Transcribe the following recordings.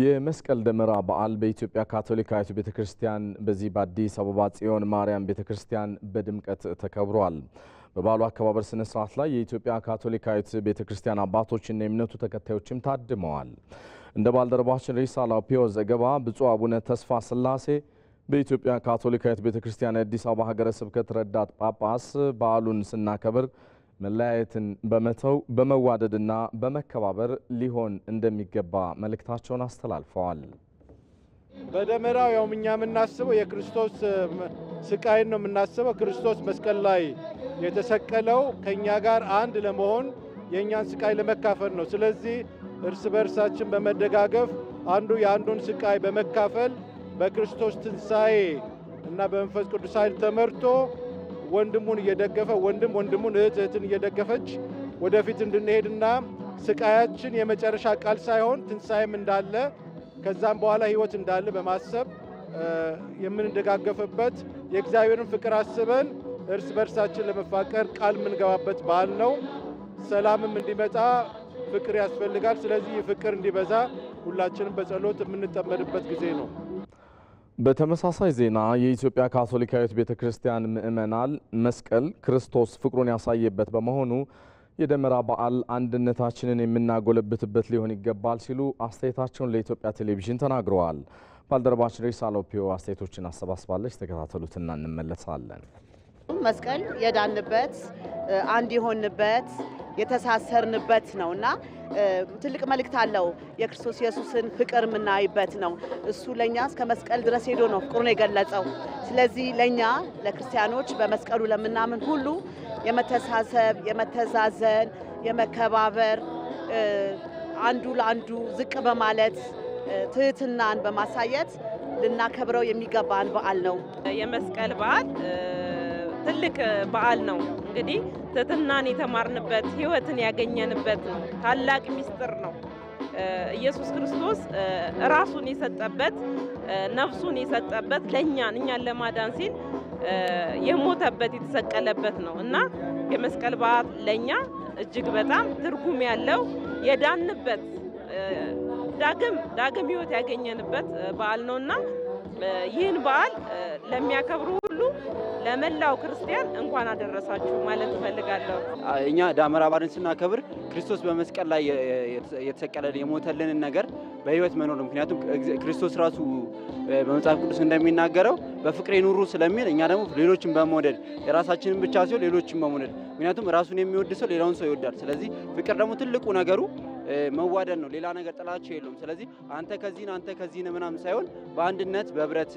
የመስቀል ደመራ በዓል በኢትዮጵያ ካቶሊካዊት ቤተ ክርስቲያን በዚህ በአዲስ አበባ ጽዮን ማርያም ቤተ ክርስቲያን በድምቀት ተከብሯል። በበዓሉ አከባበር ስነ ስርዓት ላይ የኢትዮጵያ ካቶሊካዊት ቤተ ክርስቲያን አባቶችና የእምነቱ ተከታዮችም ታድመዋል። እንደ ባልደረባችን ሪሳ ላፒዮ ዘገባ ብፁዕ አቡነ ተስፋ ስላሴ በኢትዮጵያ ካቶሊካዊት ቤተ ክርስቲያን የአዲስ አበባ ሀገረ ስብከት ረዳት ጳጳስ በዓሉን ስናከብር መለያየትን በመተው በመዋደድና በመከባበር ሊሆን እንደሚገባ መልእክታቸውን አስተላልፈዋል። በደመራው ያው እኛ የምናስበው የክርስቶስ ስቃይን ነው የምናስበው። ክርስቶስ መስቀል ላይ የተሰቀለው ከእኛ ጋር አንድ ለመሆን የእኛን ስቃይ ለመካፈል ነው። ስለዚህ እርስ በእርሳችን በመደጋገፍ አንዱ የአንዱን ስቃይ በመካፈል በክርስቶስ ትንሣኤ እና በመንፈስ ቅዱስ ኃይል ተመርቶ ወንድሙን እየደገፈ ወንድም ወንድሙን እህት እህትን እየደገፈች ወደፊት እንድንሄድና ስቃያችን የመጨረሻ ቃል ሳይሆን ትንሣኤም እንዳለ ከዛም በኋላ ህይወት እንዳለ በማሰብ የምንደጋገፍበት የእግዚአብሔርን ፍቅር አስበን እርስ በርሳችን ለመፋቀር ቃል የምንገባበት በዓል ነው። ሰላምም እንዲመጣ ፍቅር ያስፈልጋል። ስለዚህ ፍቅር እንዲበዛ ሁላችንም በጸሎት የምንጠመድበት ጊዜ ነው። በተመሳሳይ ዜና የኢትዮጵያ ካቶሊካዊት ቤተ ክርስቲያን ምእመናል መስቀል ክርስቶስ ፍቅሩን ያሳየበት በመሆኑ የደመራ በዓል አንድነታችንን የምናጎለብትበት ሊሆን ይገባል ሲሉ አስተያየታቸውን ለኢትዮጵያ ቴሌቪዥን ተናግረዋል። ባልደረባችን ሬሳ አስተያየቶችን አሰባስባለች። ተከታተሉትና እንመለሳለን። መስቀል የዳንበት አንድ የሆንበት የተሳሰርንበት ነውና ትልቅ መልእክት አለው። የክርስቶስ ኢየሱስን ፍቅር የምናይበት ነው። እሱ ለእኛ እስከ መስቀል ድረስ ሄዶ ነው ፍቅሩን የገለጸው። ስለዚህ ለእኛ ለክርስቲያኖች በመስቀሉ ለምናምን ሁሉ የመተሳሰብ፣ የመተዛዘን፣ የመከባበር አንዱ ለአንዱ ዝቅ በማለት ትህትናን በማሳየት ልናከብረው የሚገባን በዓል ነው የመስቀል በዓል ትልቅ በዓል ነው። እንግዲህ ትህትናን የተማርንበት ህይወትን ያገኘንበት ነው። ታላቅ ሚስጥር ነው። ኢየሱስ ክርስቶስ ራሱን የሰጠበት ነፍሱን የሰጠበት ለእኛን እኛን ለማዳን ሲል የሞተበት የተሰቀለበት ነው እና የመስቀል በዓል ለእኛ እጅግ በጣም ትርጉም ያለው የዳንበት ዳግም ዳግም ህይወት ያገኘንበት በዓል ነው እና ይህን በዓል ለሚያከብሩ ለመላው ክርስቲያን እንኳን አደረሳችሁ ማለት እፈልጋለሁ። እኛ ደመራ በዓልን ስናከብር ክርስቶስ በመስቀል ላይ የተሰቀለን የሞተልንን ነገር በሕይወት መኖር ምክንያቱም ክርስቶስ ራሱ በመጽሐፍ ቅዱስ እንደሚናገረው በፍቅሬ ኑሩ ስለሚል እኛ ደግሞ ሌሎችን በመውደድ የራሳችንን ብቻ ሲሆን ሌሎችን በመውደድ ምክንያቱም ራሱን የሚወድ ሰው ሌላውን ሰው ይወዳል። ስለዚህ ፍቅር ደግሞ ትልቁ ነገሩ መዋደድ ነው። ሌላ ነገር ጥላቸው የለውም። ስለዚህ አንተ ከዚህን አንተ ከዚህን ምናምን ሳይሆን በአንድነት በህብረት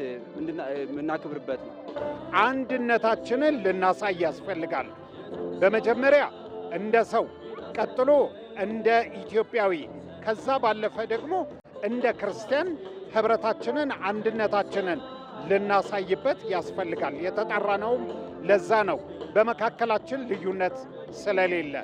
የምናክብርበት ነው። አንድነታችንን ልናሳይ ያስፈልጋል። በመጀመሪያ እንደ ሰው፣ ቀጥሎ እንደ ኢትዮጵያዊ፣ ከዛ ባለፈ ደግሞ እንደ ክርስቲያን ህብረታችንን አንድነታችንን ልናሳይበት ያስፈልጋል። የተጠራነውም ለዛ ነው፣ በመካከላችን ልዩነት ስለሌለ